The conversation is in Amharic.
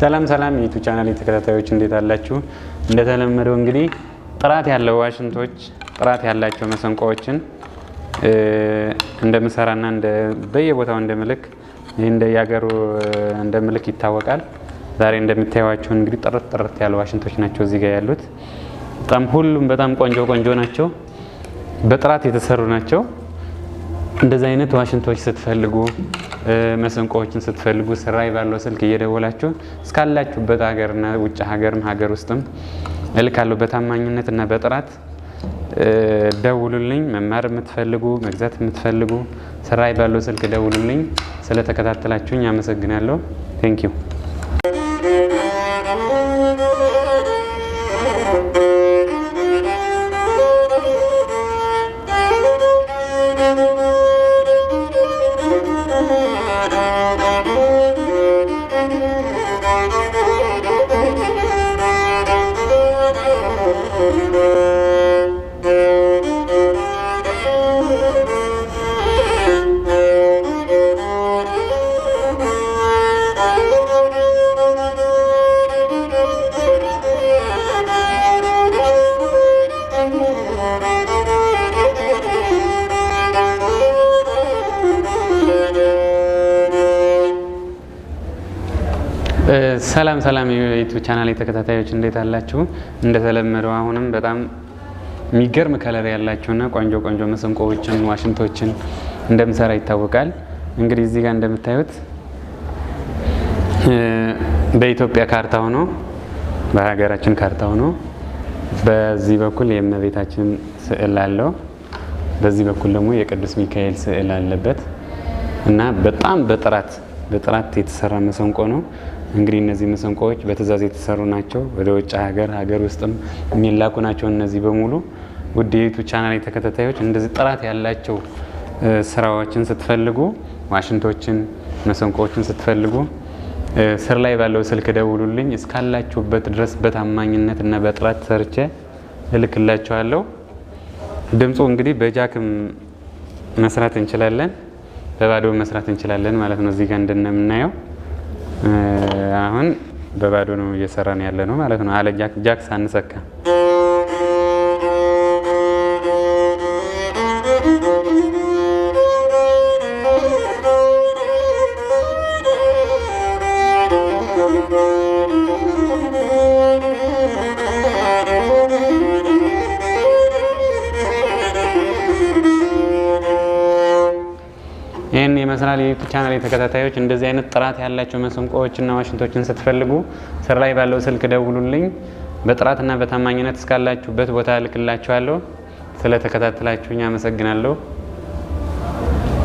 ሰላም ሰላም የዩቱ ቻናል ተከታታዮች እንዴት አላችሁ? እንደተለመደው እንግዲህ ጥራት ያለው ዋሽንቶች፣ ጥራት ያላቸው መሰንቆዎችን እንደምሰራና በየቦታው እንደምልክ ይህ እንደየሀገሩ እንደምልክ ይታወቃል። ዛሬ እንደምታዩዋቸው እንግዲህ ጥርት ጥርት ያሉ ዋሽንቶች ናቸው እዚህ ጋር ያሉት። በጣም ሁሉም በጣም ቆንጆ ቆንጆ ናቸው፣ በጥራት የተሰሩ ናቸው። እንደዚህ አይነት ዋሽንቶች ስትፈልጉ መሰንቆዎችን ስትፈልጉ ስራይ ባለው ስልክ እየደወላችሁ እስካላችሁበት ሀገርና ውጭ ሀገርም ሀገር ውስጥም እልካለሁ። እና በጥራት ደውሉልኝ። መማር የምትፈልጉ መግዛት የምትፈልጉ ስራይ ባለው ስልክ ደውሉልኝ። ስለተከታተላችሁኝ አመሰግናለሁ። ቴንኪዩ Thank you. ሰላም ሰላም የዩቱብ ቻናል ተከታታዮች እንዴት አላችሁ? እንደተለመደው አሁንም በጣም የሚገርም ከለር ያላችሁና ቆንጆ ቆንጆ መሰንቆዎችን ዋሽንቶችን እንደምሰራ ይታወቃል። እንግዲህ እዚህ ጋር እንደምታዩት በኢትዮጵያ ካርታ ሆኖ በሀገራችን ካርታ ሆኖ በዚህ በኩል የእመቤታችን ስዕል አለው። በዚህ በኩል ደግሞ የቅዱስ ሚካኤል ስዕል አለበት እና በጣም በጥራት በጥራት የተሰራ መሰንቆ ነው። እንግዲህ እነዚህ መሰንቆዎች በትእዛዝ የተሰሩ ናቸው። ወደ ውጭ ሀገር፣ ሀገር ውስጥም የሚላኩ ናቸው። እነዚህ በሙሉ ውድ የዩቱብ ቻናል ተከታታዮች እንደዚህ ጥራት ያላቸው ስራዎችን ስትፈልጉ፣ ዋሽንቶችን፣ መሰንቆዎችን ስትፈልጉ ስር ላይ ባለው ስልክ ደውሉልኝ። እስካላችሁበት ድረስ በታማኝነት እና በጥራት ሰርቼ እልክላችኋለሁ። ድምፁ እንግዲህ በጃክም መስራት እንችላለን፣ በባዶ መስራት እንችላለን ማለት ነው እዚህ ጋር እንደምናየው አሁን በባዶ ነው እየሰራን ያለ ነው ማለት ነው። አለ ጃክ ሳንሰካ ይህን የመስላል የዩቱብ ቻናል የተከታታዮች እንደዚህ አይነት ጥራት ያላቸው መሰንቆዎችና ዋሽንቶችን ስትፈልጉ ስር ላይ ባለው ስልክ ደውሉልኝ። በጥራትና በታማኝነት እስካላችሁበት ቦታ እልክላችኋለሁ። ስለተከታተላችሁኝ አመሰግናለሁ።